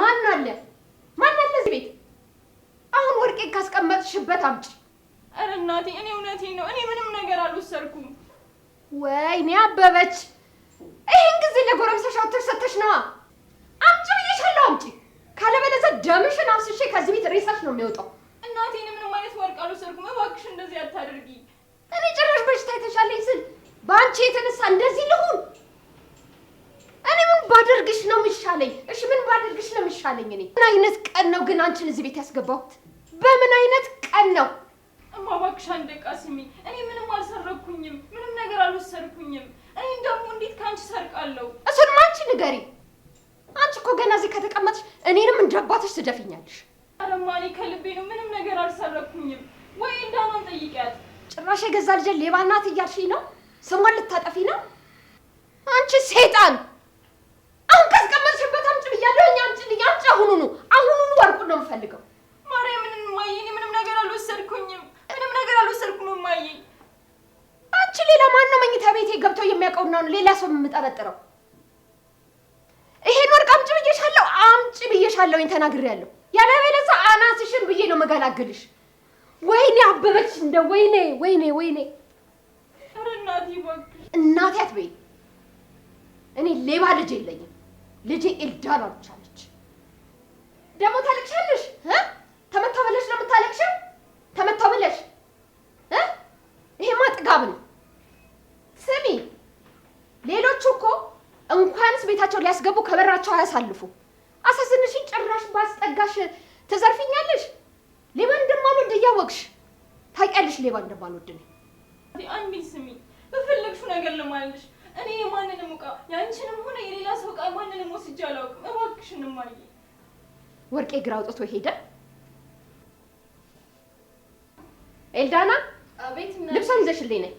ማን አለ? ማን አለ እዚህ ቤት? አሁን ወርቄ ካስቀመጥሽበት አምጪ። ኧረ እናቴ እኔ እውነቴ ነው፣ እኔ ምንም ነገር አልወሰድኩም። ወይኔ አበበች፣ ይህን ጊዜ ለጎረምሳሽ አውጥተሽ ሰጥተሽ ነዋ። አምጪ ብዬሻለሁ፣ አምጪ። ካለበለዚያ ደምሽን አፍስሼ ከዚህ ቤት ሬሳሽ ነው የሚወጣው። እናቴ እኔ ምንም አይነት ወርቅ አልወሰድኩም፣ እባክሽ እንደዚህ አታደርጊ። እኔ ጭራሽ በሽታ የተሻለኝ ስል በአንቺ የተነሳ እንደዚህ ልሁ ባደርግሽ ነው የሚሻለኝ? እሺ ምን ባደርግሽ ነው የሚሻለኝ? እኔ ምን አይነት ቀን ነው ግን አንቺን እዚህ ቤት ያስገባሁት? በምን አይነት ቀን ነው? እማ እባክሽ አንድ እኔ ምንም አልሰረኩኝም፣ ምንም ነገር አልወሰድኩኝም። እኔ ደግሞ እንዴት ከአንቺ ሰርቃለሁ? እሱንም አንቺ ንገሪ። አንቺ እኮ ገና እዚህ ከተቀመጥሽ እኔንም እንዳባትሽ ትደፊኛለሽ። ኧረ እማ እኔ ከልቤ ነው፣ ምንም ነገር አልሰረኩኝም። ወይ እንዳማን ጠይቂያት። ጭራሽ የገዛ ልጄ ሌባ እናት እያልሽኝ ነው? ስሟን ልታጠፊ ነው አንቺ ሴጣን! ገብቶ ነው ሌላ ሰው የምጠረጥረው? ይሄን ወርቅ አምጪ ብዬሻለሁ፣ አምጪ ብዬሻለሁኝ ተናግሬያለሁ። ያለበለዚያ አናትሽን ብዬ ነው መገላገልሽ። ወይኔ አበበች፣ እንደ ወይኔ ወይኔ ወይኔ። እናቴ አትበይ። እኔ ሌባ ልጅ የለኝም። ልጅ ኤልዳና ብቻ ነች። ደግሞ ታልቅሻለሽ ተመታ ቤታቸው ሊያስገቡ ከበራቸው አያሳልፉ። አሳዝንሽን ጭራሽ ባስጠጋሽ ትዘርፊኛለሽ። ሌባ እንደማልወድ እያወቅሽ ታውቂያለሽ። ሌባ እንደማልወድ ነው። አንዴ ስሚ፣ በፈለግሽው ነገር ልማልሽ። እኔ የማንንም እቃ የአንቺንም ሆነ የሌላ ሰው እቃ ማንንም ወስጄ አላውቅም። እባክሽን እማዬ። ወርቄ ግራ አውጥቶ ሄደ። ኤልዳና ልብሷን ይዘሽልኝ ነይ።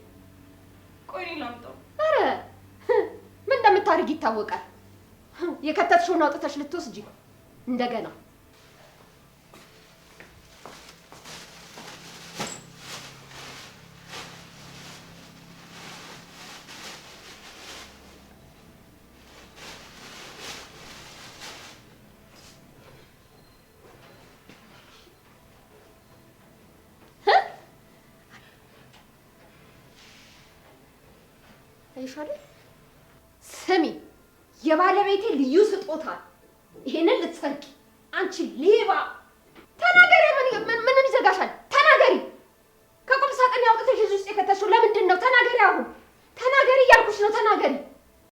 ቆይ እኔ ላምጣው። ኧረ ምን እንደምታደርግ ይታወቃል። የከተትሽውን አውጥተሽ ልትወስጂ እንደገና ይሻለ ስሚ የባለቤቴ ልዩ ስጦታ ይሄንን ልትሰርቂ አንቺ ሌባ! ተናገሪ። ምን ምንም ይዘጋሻል?